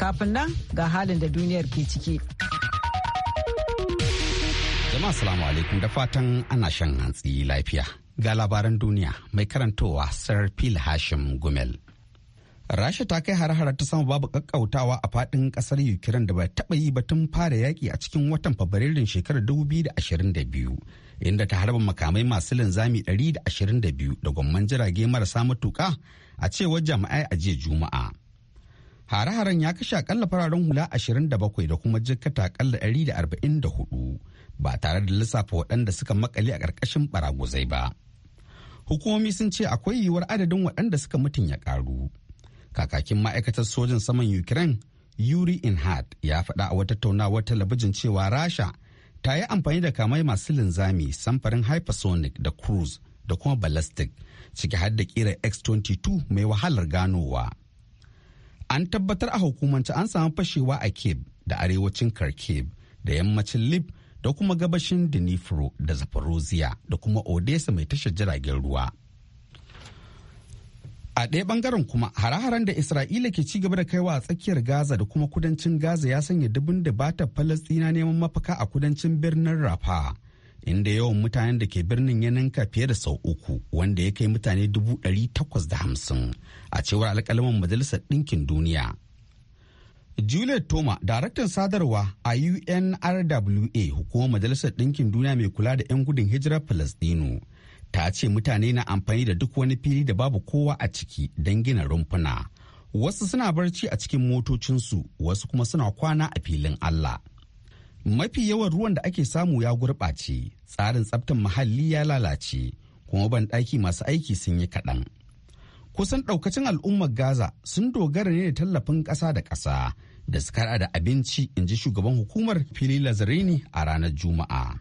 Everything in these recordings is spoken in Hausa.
Kafin nan ga halin da duniyar ke ciki. Jama'a salamu alaikum da fatan ana shan hantsi lafiya. Ga labaran duniya mai karantowa Sir Phil Hashim Gumel. Rasha ta kai har-hara ta sama babu kakkautawa a fadin kasar Ukraine da bai taba yi ba tun fara yaki a cikin watan Fabrairun shekarar 2022, inda ta harba makamai masu linzami 122 da gwamman jirage marasa matuka a cewar jami'ai a jiya Juma'a. Hare-haren ya kashe akalla fararen hula 27 da kuma jikata akalla 144 ba tare da lissafa waɗanda suka makale a ƙarƙashin baraguzai ba. Hukumomi sun ce akwai yiwuwar adadin waɗanda suka mutum ya ƙaru. Kakakin ma'aikatar sojin saman Ukraine Yuri hart ya faɗa a wata tattaunawar talabijin cewa Rasha ta yi amfani da kamai masu linzami samfarin hypersonic da cruise da kuma ballistic ciki har da ƙira X-22 mai wahalar ganowa. an tabbatar a hukumance an samu fashewa a Cape da arewacin kharkiv da yammacin lib da kuma gabashin Dinifro da zaporozhia da kuma odessa mai tashar jiragen ruwa a ɗaya ɓangaren kuma hare-haren da isra'ila ke cigaba da kaiwa a tsakiyar gaza da kuma kudancin gaza ya sanya dubin da bata falastina neman mafaka a kudancin birnin rafa inda yawan mutanen da ke birnin ya ninka fiye da sau uku wanda ya kai mutane dubu ɗari takwas da hamsin a cewar alkalaman majalisar ɗinkin duniya juliet toma daraktan sadarwa a unrwa hukumar majalisar ɗinkin duniya mai kula da 'yan gudun hijirar palestino ta ce mutane na amfani da duk wani fili da babu kowa a ciki don gina rumfuna wasu suna barci a cikin motocinsu wasu kuma suna kwana a filin allah mafi yawan ruwan da ake samu ya gurɓace tsarin tsaftar muhalli ya lalace kuma ban masu aiki sun yi kaɗan kusan ɗaukacin al'ummar gaza sun dogara ne da tallafin ƙasa da ƙasa da kara da abinci in ji shugaban hukumar fili lazarini a ranar juma'a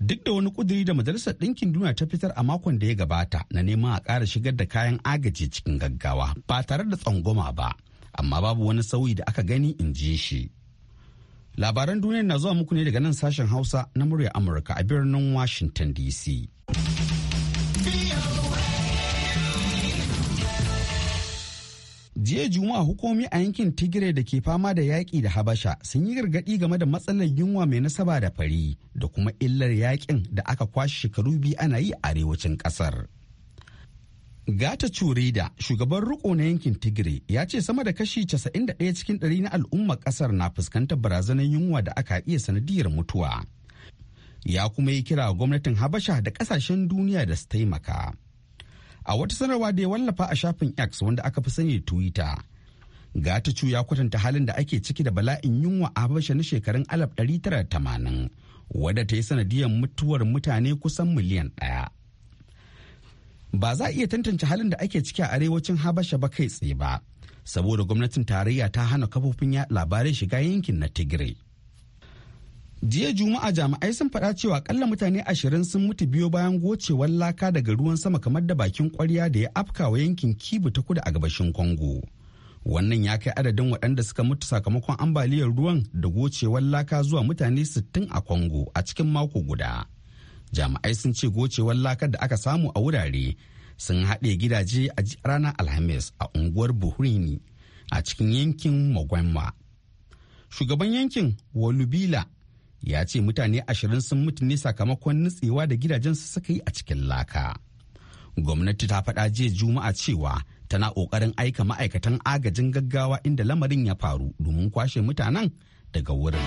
duk da wani kuduri da majalisar ɗinkin duniya ta fitar a makon da ya gabata na neman a ƙara shigar da kayan agaji cikin gaggawa ba tare da tsangwama ba amma babu wani sauyi da aka gani in ji shi Labaran duniya na zuwa muku ne daga nan sashen Hausa na murya Amurka a birnin Washington DC. jiya juma'a hukumi a yankin Tigre da ke fama da yaƙi da habasha sun yi gargaɗi game da matsalar yunwa mai nasaba da fari da kuma illar yaƙin da aka kwashe shekaru biyu ana yi a arewacin ƙasar. Gata Churida, shugaban riko na yankin Tigray, ya ce sama da kashi 91 cikin 100 na al'ummar kasar na fuskantar barazanar yunwa da aka iya sanadiyar mutuwa. Ya kuma yi kira gwamnatin Habasha da kasashen duniya da su taimaka. A wata sanarwa da ya wallafa a shafin X wanda aka fi sani da Twitter, Gata Chu ya kwatanta halin da ake ciki da bala'in yunwa a Habasha na shekarun 1980, wadda ta yi sanadiyar mutuwar mutane kusan miliyan ɗaya. ba za a iya tantance halin da ake ciki a arewacin habasha ba kai tsaye ba saboda gwamnatin tarayya ta hana kafofin labarai shiga yankin na tigray jiya juma'a jami'ai sun faɗa cewa kalla mutane ashirin sun mutu biyo bayan gocewar laka daga ruwan sama kamar da bakin kwarya da ya afka wa yankin kibu ta kudu a gabashin congo wannan ya kai adadin waɗanda suka mutu sakamakon ambaliyar ruwan da gocewar laka zuwa mutane 60 a congo a cikin mako guda jami'ai sun ce gocewar lakar da aka samu a wurare sun haɗe gidaje a ranar alhamis a unguwar buhurini a cikin yankin magwamma shugaban yankin walubila ya ce mutane ashirin sun mutu ne sakamakon nutsewa da gidajensu suka yi a cikin laka gwamnati ta faɗa jiya juma'a cewa tana ƙoƙarin aika ma'aikatan agajin gaggawa inda lamarin ya faru domin kwashe mutanen daga wurin.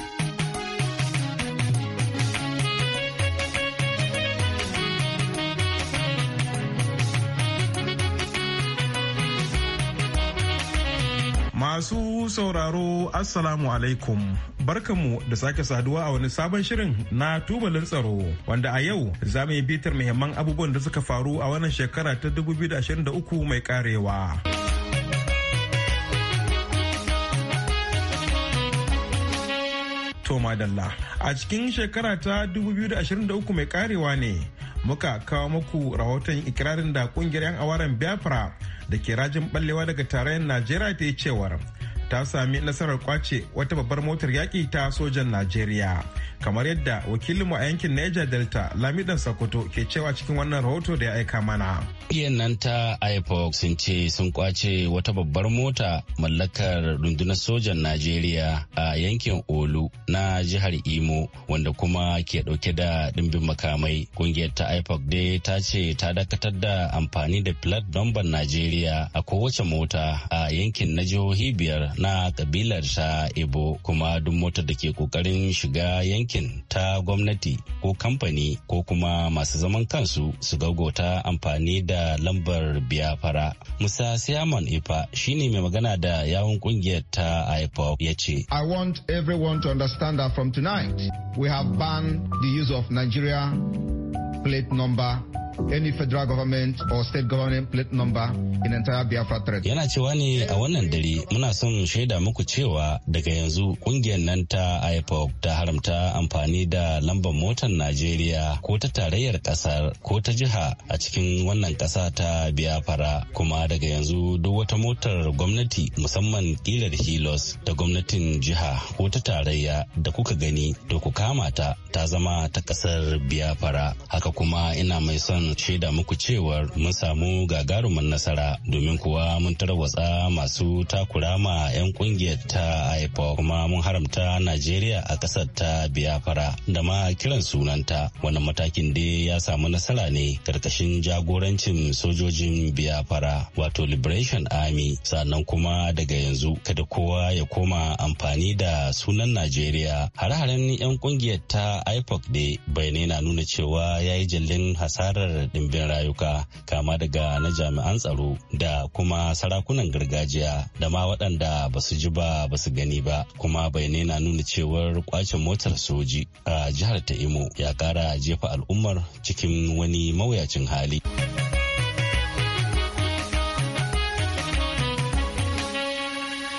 Masu sauraro Assalamu alaikum barkamu da sake saduwa a wani sabon shirin na tubalin tsaro wanda a yau za mu yi bitar muhimman abubuwan da suka faru a wannan shekara ta 2023 mai karewa. Toma Dalla a cikin shekara ta 2023 mai karewa ne muka kawo muku rahoton ikirarin da kungiyar 'yan awaren biafra da ke rajin ballewa daga tarayyar najeriya ta yi cewar ta sami nasarar kwace wata babbar motar yaƙi ta sojan najeriya kamar yadda wakilinmu a yankin niger delta lamidan sokoto ke cewa cikin wannan rahoto da ya aika mana ƙungiyar nan ta ipoc sun ce sun kwace wata babbar mota mallakar rundunar sojan najeriya a yankin olu na jihar imo wanda kuma ke dauke da dimbin makamai Kungiyar ta ipoc dai ta ce ta dakatar da amfani da plat number najeriya a kowace mota a yankin na jihohi biyar na kabilar ta Ibo kuma duk motar da ke kokarin shiga yankin ta gwamnati ko kamfani ko kuma masu zaman kansu su gaugota amfani da lambar biyafara. Musa Siyaman Ifa shine mai magana da yawun kungiyar ta IPOP ya ce. I want everyone to understand that from tonight we have banned the use of Nigeria plate number any federal government or state government plate number in entire Biafra threat. Yana cewa ne a wannan dare muna son shaida muku cewa daga yanzu kungiyar nan ta IPOC ta haramta amfani da lambar motar Najeriya ko ta tarayyar kasar ko ta jiha a cikin wannan kasa ta Biafra kuma daga yanzu duk wata motar gwamnati musamman kilar Hilos da gwamnatin jiha ko ta tarayya da kuka gani to ku kama ta ta zama ta kasar Biafra haka kuma ina mai son zan shaida muku cewar mun samu gagarumin nasara domin kuwa mun tarwatsa masu takura ma 'yan kungiyar ta ipoc kuma mun haramta najeriya a ƙasar ta biyafara da ma kiran sunanta wannan matakin da ya samu nasara ne karkashin jagorancin sojojin biyafara wato liberation army sannan kuma daga yanzu kada kowa ya koma amfani da sunan najeriya hare-haren 'yan kungiyar ta ipoc dai bayanai na nuna cewa ya yi jallin hasarar da dimbin rayuka kama daga na jami'an tsaro da kuma sarakunan gargajiya da ma waɗanda ba su ji ba ba su gani ba kuma bayanai na nuna cewar kwacin motar soji a jihar ta imo ya kara jefa al'ummar cikin wani mawuyacin hali.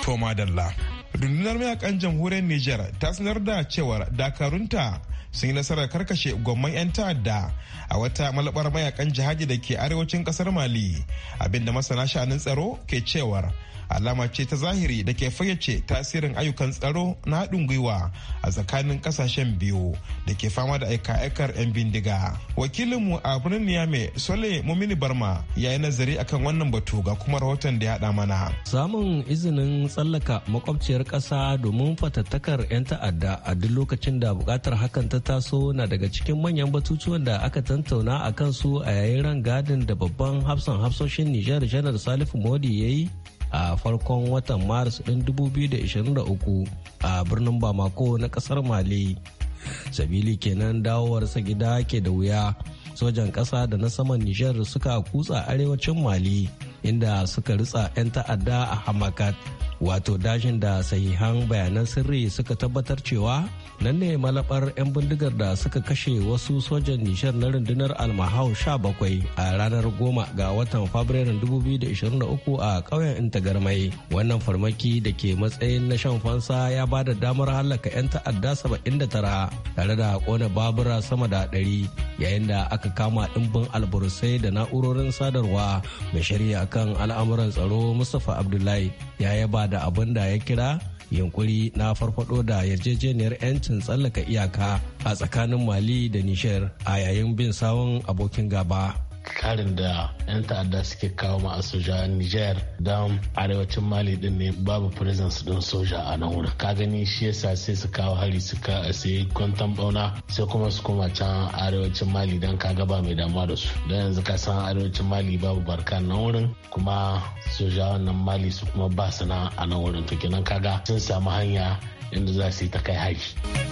Toma Dalla. Rundunar mayakan jamhuriyar Nijar ta sanar da cewar dakarunta sun yi nasarar karkashe gwamman 'yan ta'adda a wata malabar mayakan jihadi da ke arewacin kasar mali abinda masana sha'anin tsaro ke cewar alama ce ta zahiri da ke fayyace tasirin ayyukan tsaro na haɗin gwiwa a tsakanin ƙasashen biyu da ke fama da aika-aikar 'yan bindiga wakilinmu a birnin niyame sole mumini barma ya yi nazari akan wannan batu ga kuma rahoton da ya haɗa mana samun izinin tsallaka makwabciyar ƙasa domin fatattakar 'yan ta'adda a duk lokacin da buƙatar hakan ta taso na daga cikin manyan batutuwan da aka tantauna a kansu a yayin rangadin da babban hafsan hafsoshin nijar janar salifu modi ya yi a farkon watan maris ɗin 2023 a birnin bamako na ƙasar mali sabili kenan dawowarsa gida ke da wuya sojan ƙasa da na saman nijar suka kutsa arewacin mali inda suka ritsa 'yan ta'adda a hamakat wato dajin da sahihan bayanan sirri suka tabbatar cewa nan ne malabar 'yan bindigar da suka kashe wasu sojan nishar na rundunar almahau 17 a ranar 10 ga watan fabrairun 2023 a ƙauyen intagarmai wannan farmaki da ke matsayin na shan fansa ya ba da damar halaka 'yan ta'adda 79 tare da kona babura sama da 100 yayin da aka kama ɗimbin alburusai da na'urorin sadarwa mai shari'a kan al'amuran tsaro mustapha abdullahi ya yaba da abin da ya kira yunkuri na farfado da yarjejeniyar 'yancin tsallaka iyaka a tsakanin mali da nishar a yayin bin sawun abokin gaba karin da 'yan ta'adda suke kawo ma a soja niger don arewacin mali din ne babu presence don soja a nan wurin ka gani shi yasa sai su kawo hari su ka sai kwantan bauna sai kuma su koma can arewacin mali don ka gaba mai damuwa da su don yanzu ka san arewacin mali babu barka nan wurin kuma soja wannan mali su kuma ba sana a nan wurin to kenan kaga sun samu hanya inda za su yi ta kai hari.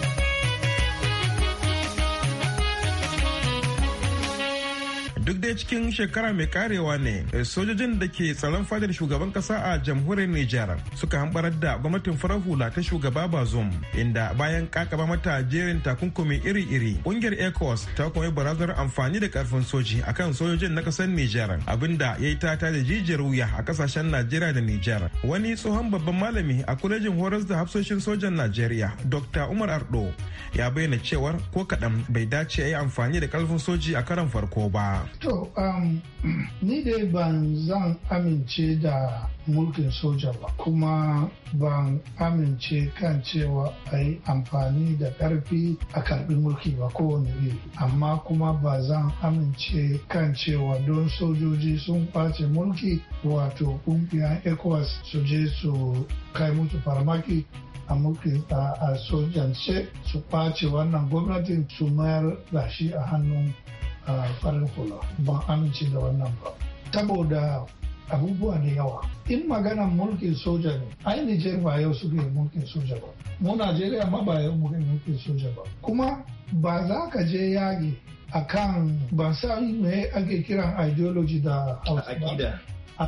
daya cikin shekara mai karewa ne eh, sojojin da ke tsaron fadar shugaban kasa a jamhuriyar Nijar suka hambarar da gwamnatin farar hula ta shugaba Bazoum inda bayan kakaba mata jerin takunkumi iri-iri kungiyar ECOWAS ta kuma barazanar amfani da karfin soji akan sojojin na kasar Nijar abinda ya yi tata da jijiyar wuya a kasashen Najeriya da Nijar wani tsohon babban malami a kulejin horas da hafsoshin sojan Najeriya Dr. Umar Ardo ya bayyana cewar ko kaɗan bai dace a yi amfani da karfin soji a karan farko ba. To Um, ni dai ban zan amince da mulkin soja ba, kuma ban amince kan cewa a yi amfani da ƙarfi a karbi mulki ba kowane iri. Amma kuma ba zan amince kan cewa don sojoji sun kwace mulki wato ƙungiyar ECOWAS su je su kai mutu farmaki a mulkin a sojance su kwace wannan gwamnatin su mayar da shi a hannun farin hula ban amince da wannan ba saboda abubuwa da yawa in magana mulkin soja ne ai Nijar ba yau yi mulkin soja ba mu Najeriya ma ba yau yi mulkin soja ba kuma ba za ka je yaƙi akan ba san me ake kiran ideology da hausa ba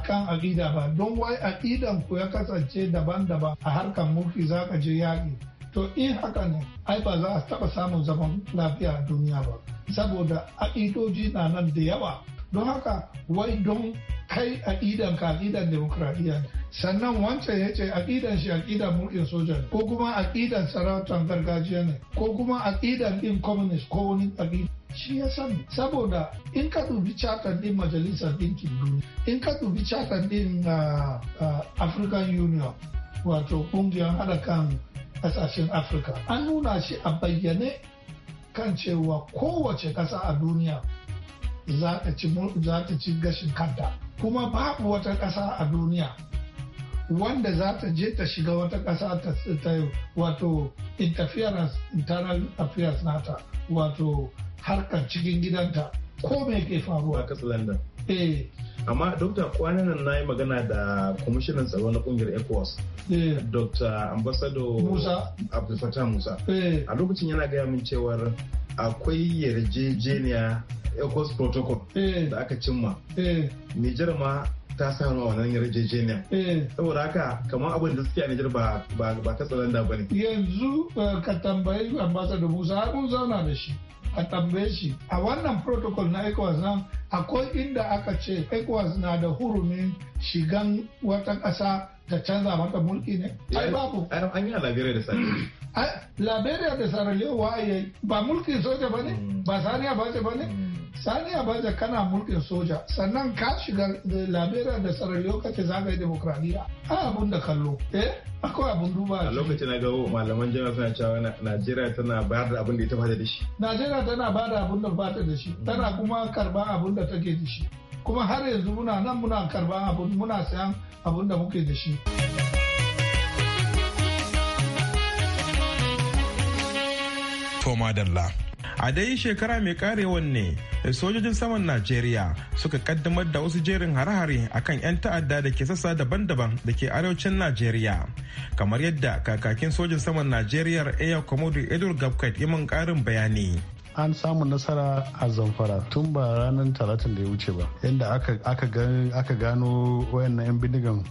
kan aƙida ba don wai aƙidan ku ya kasance daban-daban a harkar mulki za ka je yaƙi to in haka ne ai ba za a taɓa samun zaman lafiya a duniya ba saboda aƙidoji na nan da yawa don haka wai don kai aƙidan ka aƙidan demokradiyya ne sannan wancan ya ce aƙidan shi aƙidan mulkin soja ne ko kuma aƙidan sarautar gargajiya ne ko kuma aƙidan ɗin communist ko wani aƙidan shi ya sani saboda in ka dubi chatar din majalisar ɗinkin duniya in ka dubi chatar din ah, ah, african union wato ƙungiyar haɗa kan ƙasashen afirka an nuna shi a bayyane kan cewa kowace ƙasa a duniya za ta ci gashin kanta kuma babu wata ƙasa a duniya wanda za ta je ta shiga wata ƙasa ta wato interference internal affairs nata wato harkar cikin gidanta ko me ke faruwa eh amma dokta kwanan nan na yi magana da kwamishinan tsaro na kungiyar ecowas eh. dr ambassador musa abdulfatah musa eh. a lokacin yana gaya min cewar akwai yarjejeniya ecowas protocol eh. da aka cimma nijar ma ta samu wannan yarjejeniya saboda haka kamar abin da suke a nijar ba ta ba ne yanzu ka tambayi ambassador musa har mun zauna da shi a tambaye shi a wannan protocol na ecowas nan akwai inda aka ce ecowas na da hurumin shigan wata ƙasa ta canza mata mulki ne ai babu an yi a da sani Ah, liberia da sierra wa yayi ba mulkin soja ba ne ba mm. sani baje ba ne mm. sani baje kana mulkin soja sannan ka shiga liberia da sierra ka ce za ka yi demokradiyya a ah, abun da kallo eh akwai abun duba a lokacin na gawo malaman jami'a suna cewa najeriya tana bayar da abun da ita bata da shi najeriya tana bayar da abun da ta da shi mm. tana kuma karban abun da take da shi kuma har yanzu muna nan muna karban abun muna sayan abun da muke da shi. koma dalla. A dai shekara mai karewan ne sojojin saman Najeriya suka kaddamar da wasu jerin hare-hare akan 'yan ta'adda da ke sassa daban-daban da ke arewacin Najeriya. Kamar yadda kakakin sojin saman Najeriya Air Commodore Edward Gabkat mun karin bayani. an samu nasara a zamfara tun ba ranar talatin da ya wuce ba yadda aka gano wayannan 'yan bindigan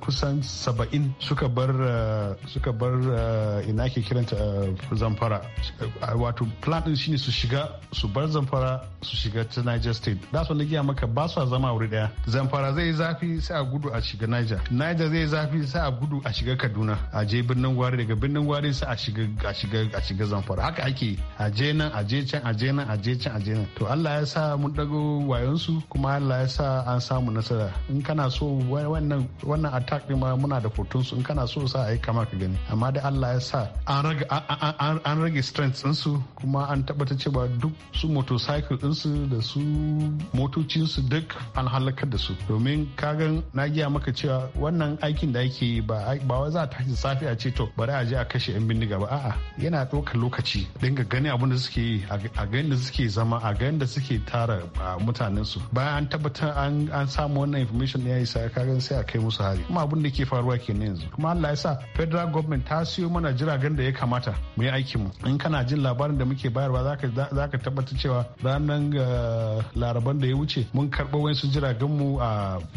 kusan saba'in suka bar eh, suka bar eh, ina ke kiranta eh, zamfara wato plan din shine su shiga su bar zamfara su shiga ta niger state da su giya maka ba su zama wuri daya zamfara zai yi zafi sai a gudu a shiga niger niger zai yi zafi sai a gudu a shiga kaduna a je birnin gwari daga birnin gwari sai a a a shiga zamfara haka ake a je nan a je aje can aje nan aje can aje nan to Allah ya sa mun dago wayonsu kuma Allah ya sa an samu nasara in kana so wannan wannan attack din ma muna da hoton su in kana so sa ai kama ka gani amma da Allah ya sa an rage an rage strength din su kuma an tabbata cewa duk su motorcycle din su da su motocin su duk an halakar da su domin kagan na giya maka cewa wannan aikin da ake ba ba wai za ta tashi safiya ce to bari a je a kashe yan bindiga ba a'a yana ɗaukar lokaci dinga gani abin da suke yi a ga yadda suke zama a ga yadda suke tara mutanen su bayan an tabbatar an samu wannan information ya isa kagan sai a kai musu hari kuma abin da ke faruwa kenan yanzu kuma Allah ya sa federal government ta siyo mana jiragen da ya kamata mu yi aikin mu in kana jin labarin da muke bayarwa zaka zaka tabbatar cewa ranar eh, laraban da ya wuce mun karɓo wasu jiragen mu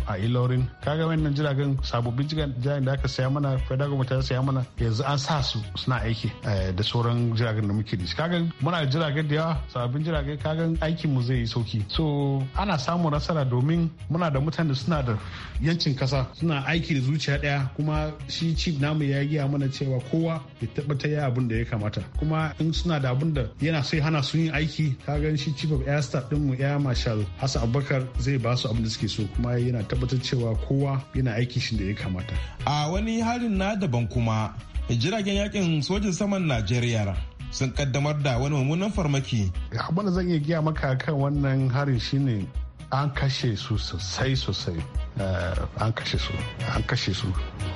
a ilorin kaga wannan jiragen sabobin jiragen da aka saya mana federal government ta saya mana yanzu an sa su suna aiki eh, da sauran jiragen da muke da shi kaga muna jiragen da yawa abin jirage kagan aikin mu zai yi sauki so ana samun nasara domin muna da mutane suna da yancin kasa suna aiki da zuciya daya kuma shi chief namu ya giya mana cewa kowa ya tabbata ya abin da ya kamata kuma in suna da abin da yana sai hana su yin aiki kagan shi chief of air staff din mu ya marshal Hassan Abubakar zai ba su abin da suke so kuma yana tabbatar cewa kowa yana aiki shi da ya kamata a wani harin na daban kuma jiragen yakin sojin saman najeriya sun kaddamar da wani mummunan farmaki abin da zan iya giya maka kan wannan harin shine an kashe su sosai sosai eh, an kashe su an kashe su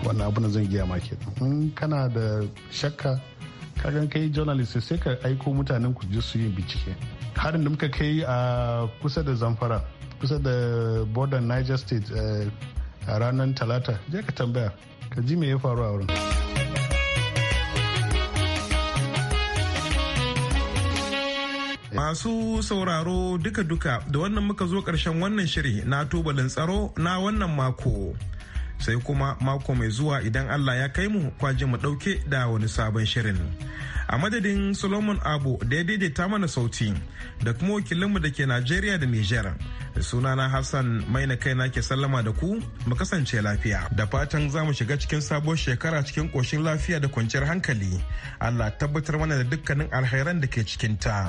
wannan abin zan giya maki in kana da shakka kagan kai journalist sai ka aiko mutanen ku je su yin bincike harin da muka kai a kusa da zamfara kusa da border niger state eh, a ranar talata je ka tambaya ka ji me ya faru a wurin Masu sauraro duka-duka da wannan muka zo ƙarshen wannan shiri na tubalin tsaro na wannan mako. Sai kuma mako mai zuwa idan Allah ya kai mu kwaji mu ɗauke da wani sabon shirin. A madadin Solomon Abu da ya daidaita mana sauti da kuma wakilinmu da ke Najeriya da Nijar. Sunana Hassan maina kaina ke sallama da ku mu kasance lafiya. Da fatan za mu shiga cikin sabon shekara cikin ƙoshin lafiya da kwanciyar hankali. Allah tabbatar mana da dukkanin alheran da ke cikin ta.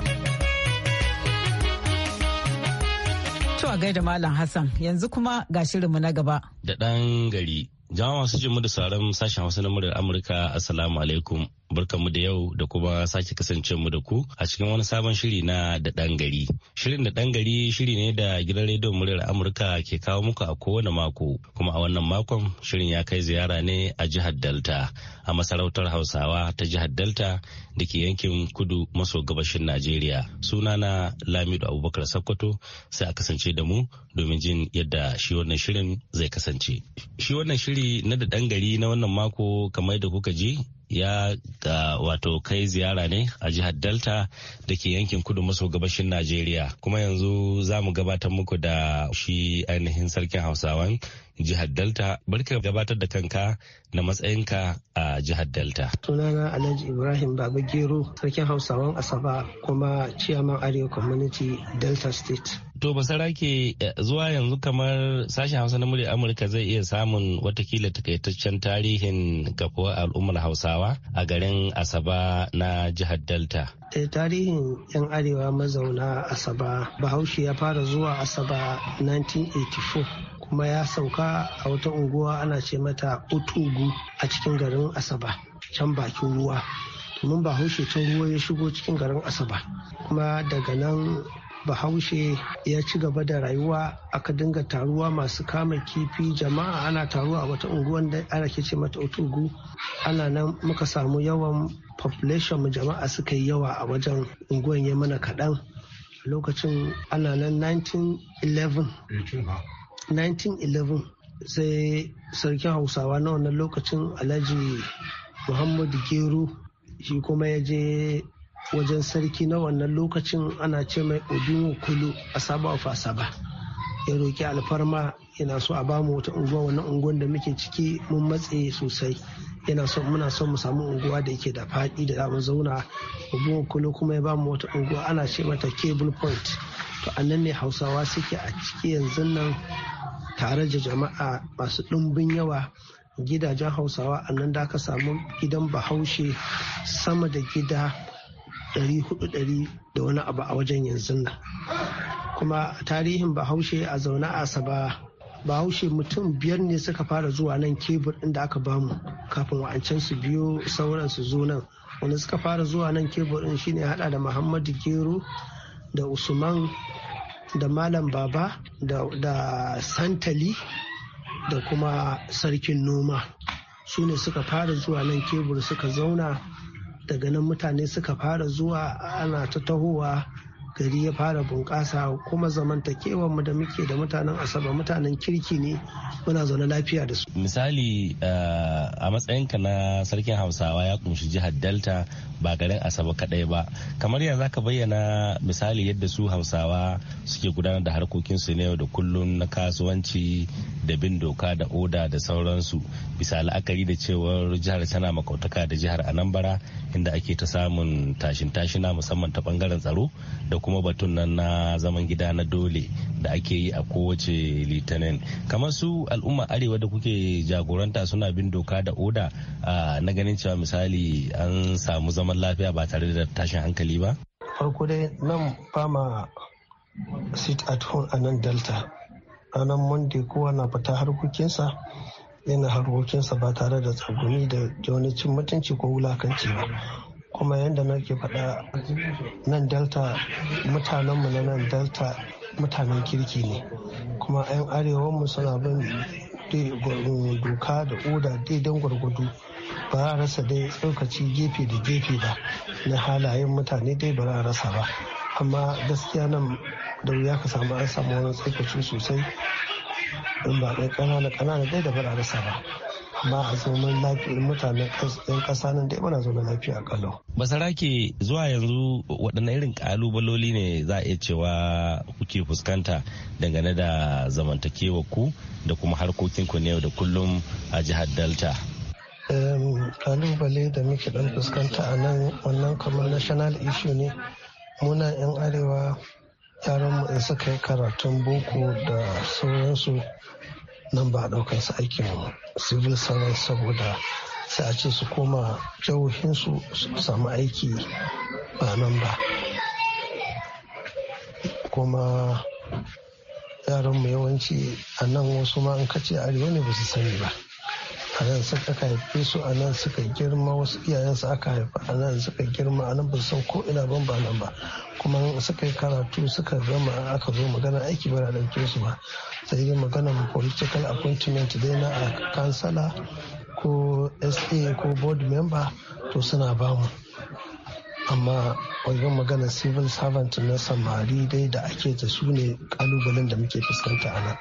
To a gaida Malam Hassan yanzu kuma ga shirinmu na gaba. Da ɗan gari. Jama'a masu jimu da sauran sashen Hausa na muryar Amurka Assalamu alaikum. barkanmu da yau da kuma sake kasance mu da ku a cikin wani sabon shiri na da ɗan gari. Shirin da ɗan gari shiri ne da gidan rediyon muryar Amurka ke kawo muku a kowane mako kuma a wannan makon shirin ya kai ziyara ne a jihar Delta a masarautar Hausawa ta jihar Delta da ke yankin kudu maso gabashin Najeriya. suna na Lamido Abubakar Sakkwato sai a kasance da mu domin jin yadda shi wannan shirin zai kasance. Shi wannan shiri na da ɗan gari na wannan mako kamar da kuka ji ya ga wato kai ziyara ne a jihar Delta da ke yankin kudu maso gabashin Najeriya. Kuma yanzu za mu gabatar muku da shi ainihin sarkin Hausawan jihar Delta. Barka gabatar da kanka na matsayinka a jihar Delta. Sunana Alhaji Ibrahim Baba Gero, sarkin Hausawan Asaba kuma Chairman Arewa Community Delta State. To basarake eh, zuwa yanzu kamar sashen Hausa na murya Amurka zai iya samun watakila takaitaccen tarihin kafuwar al'ummar Hausawa a garin Asaba na jihar Delta. da eh, tarihin 'yan arewa mazauna asaba bahaushe ya fara zuwa asaba 1984 kuma ya sauka a wata unguwa ana ce mata utugu a cikin garin asaba can bakin ruwa domin bahaushe can ruwa ya shigo cikin garin asaba kuma daga nan bahaushe ya ci gaba da rayuwa aka dinga taruwa masu kama kifi jama'a ana taruwa a wata unguwan da ana ke ce mata utugu ana nan muka samu yawan population jama'a suka yi yawa a wajen unguwan ya mana kaɗan lokacin ana nan 1911 1911 sai sarkin hausawa na wannan lokacin alhaji muhammadu gero shi kuma ya je wajen sarki na wannan lokacin ana ce mai odinwo kulu a saba fasaba ya roki alfarma yana so a bamu wata unguwa wannan unguwan da muke ciki mun matse sosai yana so muna son mu samu unguwa da yake da faɗi da zamu zauna odinwo kulu kuma ya bamu wata unguwa ana ce mata cable point to nan ne hausawa suke a ciki yanzu nan tare da jama'a masu ɗumbin yawa gidajen hausawa a nan da aka samu gidan bahaushe sama da gida 400 da wani abu a wajen yanzu nan kuma tarihin bahaushe a zaune a saba bahaushe mutum biyar ne suka fara zuwa nan kebur inda aka bamu kafin wa'ancan su biyo sauran su zo nan wanda suka fara zuwa nan kebur din shine hada da muhammadu gero da usman da malam baba da, da santali da kuma sarkin noma su ne suka fara zuwa nan kebur suka zauna daga nan mutane suka fara zuwa ana ta tahowa gari ya fara bunƙasa kuma zamantakewar mu da muke da mutanen asaba mutanen kirki ne muna zaune lafiya da su misali eh, a matsayinka na sarkin hausawa ya kunshi jihar delta ba garin asaba kadai ba kamar yanzu ka bayyana misali yadda su hausawa suke gudanar da harkokinsu na yau da kullum na kasuwanci da bin doka da oda da sauransu bisa la'akari da cewar jihar tana makautaka da jihar anambra inda ake ta samun tashin tashina musamman ta bangaren tsaro da kuma batun nan na zaman gida na dole da ake yi a kowace litinin kamar su al'umma arewa da kuke jagoranta suna bin doka da oda na ganin cewa misali an samu zaman lafiya ba tare da tashin hankali ba farko dai nan fama sit at home a nan delta ranar monday kowa na fita harkokinsa yana harkokinsa ba tare da tsaguni da wani mutunci ko wulakanci ba kuma yadda na ke faɗa nan delta mutanenmu na nan delta mutanen kirki ne kuma 'yan arewanmu suna bin doka da oda daidan gwargwado ba a rasa dai tsaukaci gefe da gefe da na halayen mutane dai ba a rasa ba amma gaskiya nan da wuya ka samu an samu wani tsaukaci sosai in ba ɗaya ƙanana ƙanana dai da ba a rasa ba ba a zaman lafiyar mutanen yan ƙasa nan dai muna zaman lafiya a kalau. basarake zuwa yanzu waɗanne irin ƙalubaloli ne za a iya cewa kuke fuskanta dangane da zamantakewa ku da kuma harkokin ku ne da kullum a jihar delta Ƙalubale da muke ɗan fuskanta a nan wannan kamar national issue ne muna yan arewa yaran mu in suka yi karatun boko da sauransu nan ba a ɗaukar su aikin civil service saboda sai a ce su koma jihohinsu su samu aiki ba nan ba kuma yaranmu yawanci a nan wasu ma an kace arewa ne ba su sani ba a nan suka haife su a nan suka girma wasu iyayensu aka haifa a nan suka girma a nan ba san ko ina ban ba nan ba kuma suka yi karatu suka gama aka zo magana aiki ba na ɗauke su ba sai dai maganar political appointment dai na a kansala ko sa ko board member to suna bamu amma wajen magana civil servant na samari dai da ake da su ne kalubalen da muke fuskanta a nan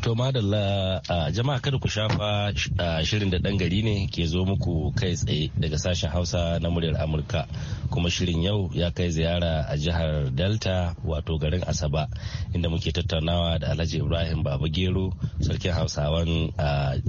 To madalla jama'a kada ku shafa shirin da ɗan gari ne ke zo muku kai tsaye daga sashen Hausa na muryar Amurka kuma shirin yau ya kai ziyara a jihar Delta wato garin Asaba inda muke tattaunawa da Alhaji Ibrahim Baba Gero sarkin Hausawan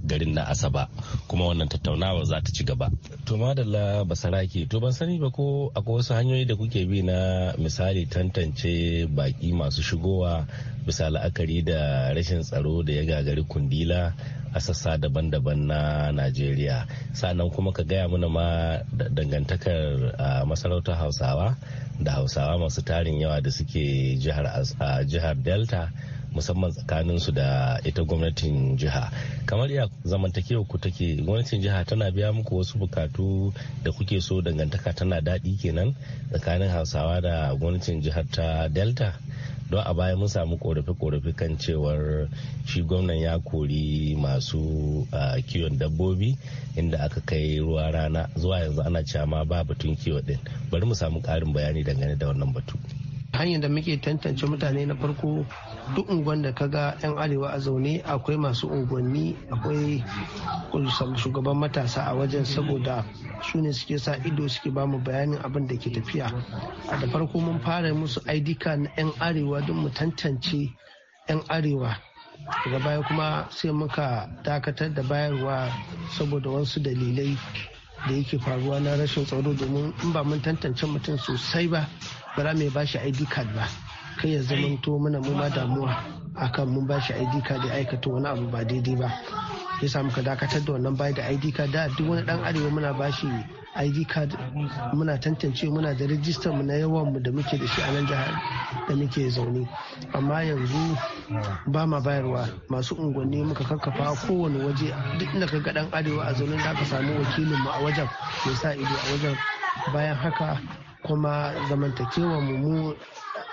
garin na Asaba kuma wannan tattaunawa za ta ci gaba. To madalla basarake to ban sani ba ko akwai wasu hanyoyi da kuke bi na misali tantance baki masu shigowa bisa la'akari da rashin tsaro tsaro da ya gagari kundila a sassa daban-daban na najeriya sannan kuma ka gaya mana ma dangantakar masarautar hausawa da hausawa masu tarin yawa da suke jihar delta musamman tsakanin da ita gwamnatin jiha kamar ya zamantakewa ku take gwamnatin jiha tana biya muku wasu bukatu da kuke so dangantaka tana daɗi kenan tsakanin hausawa da gwamnatin jihar ta delta don a baya mun samu korafe-korafe kan cewar shi gwamnan ya kori masu kiwon dabbobi inda aka kai ruwa rana zuwa yanzu ana cewa ma ba batun kiwo din bari mu samu karin bayani dangane da wannan batu hanyar da muke tantance mutane na farko duk unguwan da kaga yan arewa a zaune akwai masu unguwanni akwai shugaban matasa a wajen saboda su ne suke sa ido suke ba mu bayanin abin da ke tafiya a da farko mun fara musu id card na yan arewa don mu tantance yan arewa daga baya kuma sai muka dakatar da bayarwa saboda wasu dalilai da yake faruwa na rashin tsaro domin in ba mun tantance mutum sosai ba ba za mu ba shi id card ba kai ya zamanto mana mu ma damuwa akan mun ba shi id card ya aikata wani abu ba daidai ba ya samu ka dakatar da wannan bai da id card da duk wani dan arewa muna ba shi id card muna tantance muna da register mu na yawan mu da muke da shi a nan jihar da muke zaune amma yanzu ba ma bayarwa masu unguwanni muka kakkafa kowane waje duk inda ka ga dan arewa a zaune da aka samu wakilin mu a wajen ya sa ido a wajen bayan haka kuma zamantakewa mu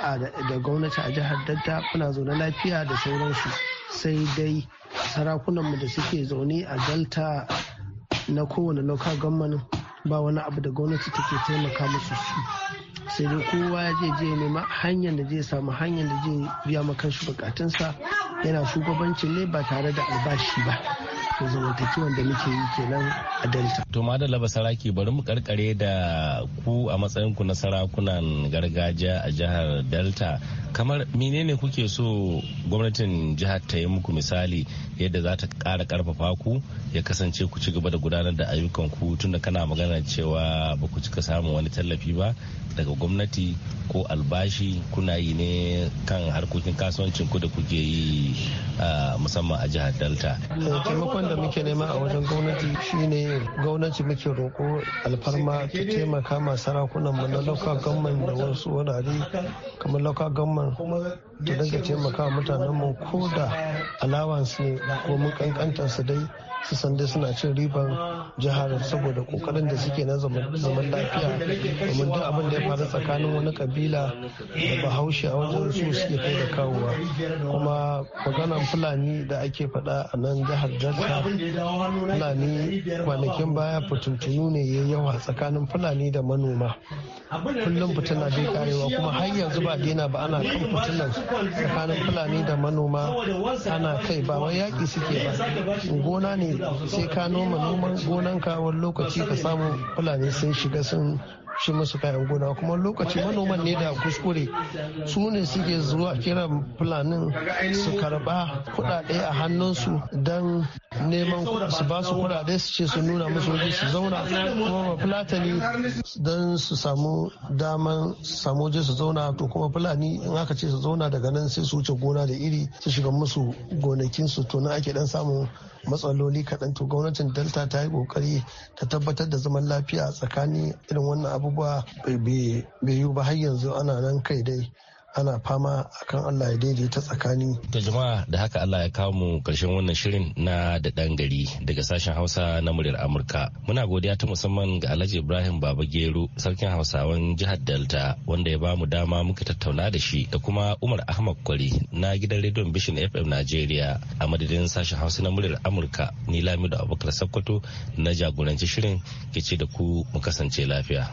da gwamnati a jihar Delta muna zaune lafiya da sauransu sai dai sarakunanmu da suke zaune a Delta na kowane local government ba wani abu da gwamnati take taimaka musu su sai dai kowa ya je je nema hanyar da zai samu hanyar da zai biya makan shi bukatunsa yana shugabancin ne ba tare da albashi ba to zamantakewan da muke yi kenan a delta to madalla basaraki bari mu karkare da ku a matsayin ku na sarakunan gargajiya a jihar delta kamar menene kuke so gwamnatin jihar ta yi muku misali yadda za ta kara karfafa ku ya kasance ku ci gaba da gudanar da ayyukan ku tunda kana magana cewa ba ku cika samun wani tallafi ba daga gwamnati ko albashi kuna yi ne kan harkokin kasuwancin ku da kuke yi musamman a jihar delta taimakon da muke nema a wajen gwamnati shine gwamnati muke roƙo alfarma ta taimaka ma sarakunan mu na local government da wasu wurare kamar local government ta dinga taimaka mutanen mu ko da alawansu ne ko mun kankanta su dai su san dai suna cin riban jihar saboda kokarin da suke na zaman lafiya domin duk abin da ya faru tsakanin wani kabila da bahaushe a wajen su suke kai da kawowa kuma maganan fulani da ake faɗa a nan jihar delta fulani kwanakin baya fitintunu ne ya yawa tsakanin fulani da manoma kullum fitina bai karewa kuma har yanzu ba daina ba ana kan fitinan tsakanin fulani da manoma ana kai ba wai yaƙi suke ba gona ne sai ka noma noman gonanka wani lokaci ka samu fulani sun shiga sun shi musu kayan gona kuma lokaci manoman ne da kuskure su ne suke zuwa kiran fulanin su karba kudade a hannunsu don neman su ba su kudade su ce su nuna musu waje su zauna kuma fulatani don su samu daman su samu waje su zauna to kuma fulani in aka ce su zauna daga nan sai su wuce gona da iri su shiga musu gonakinsu to na ake dan samun matsaloli kaɗan to gwamnatin delta ta yi kokari ta tabbatar da zaman lafiya tsakanin irin wannan abubuwa bai yiwu ba har yanzu ana nan kai dai ana fama akan Allah ya daidaita tsakani. Da jama'a da haka Allah ya kawo mu karshen wannan shirin na da ɗan gari daga sashen Hausa na muryar Amurka. Muna godiya ta musamman ga Alhaji Ibrahim Baba Gero sarkin Hausawan jihar Delta wanda ya ba mu dama muka tattauna da shi da kuma Umar Ahmad Kwari na gidan rediyon Bishin FM Najeriya a madadin sashen Hausa na muryar Amurka ni Lamido Abubakar Sakkwato na jagoranci shirin ke ce da ku mu kasance lafiya.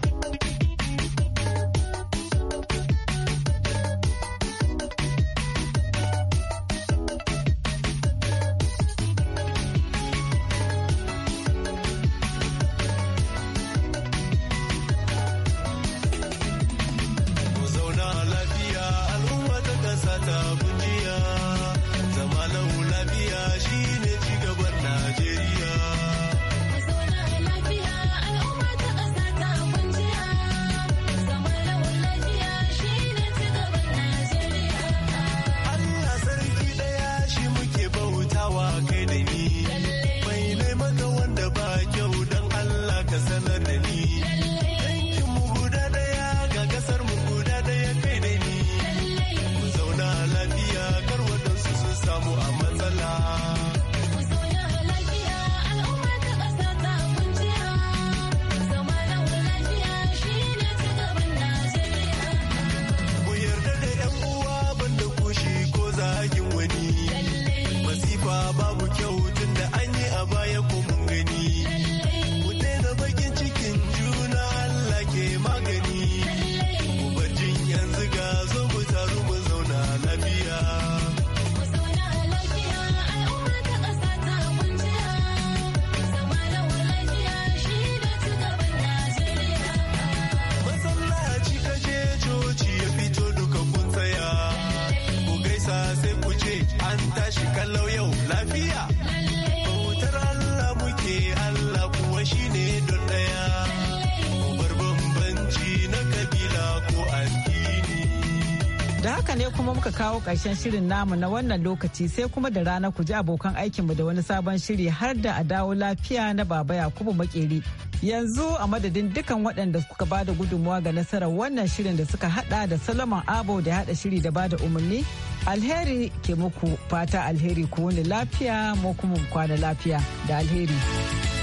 kawo ƙarshen shirin namu na wannan lokaci sai kuma da rana ku ji abokan aikinmu da wani sabon shiri har da a dawo lafiya na baba Yakubu Makeri. Yanzu a madadin dukan waɗanda suka ba da gudunmawa ga nasarar wannan shirin da suka hada da Salaman Abo da hada shiri da ba da umarni. Alheri ke muku fata alheri ku wani lafiya mu kuma kwana lafiya da alheri.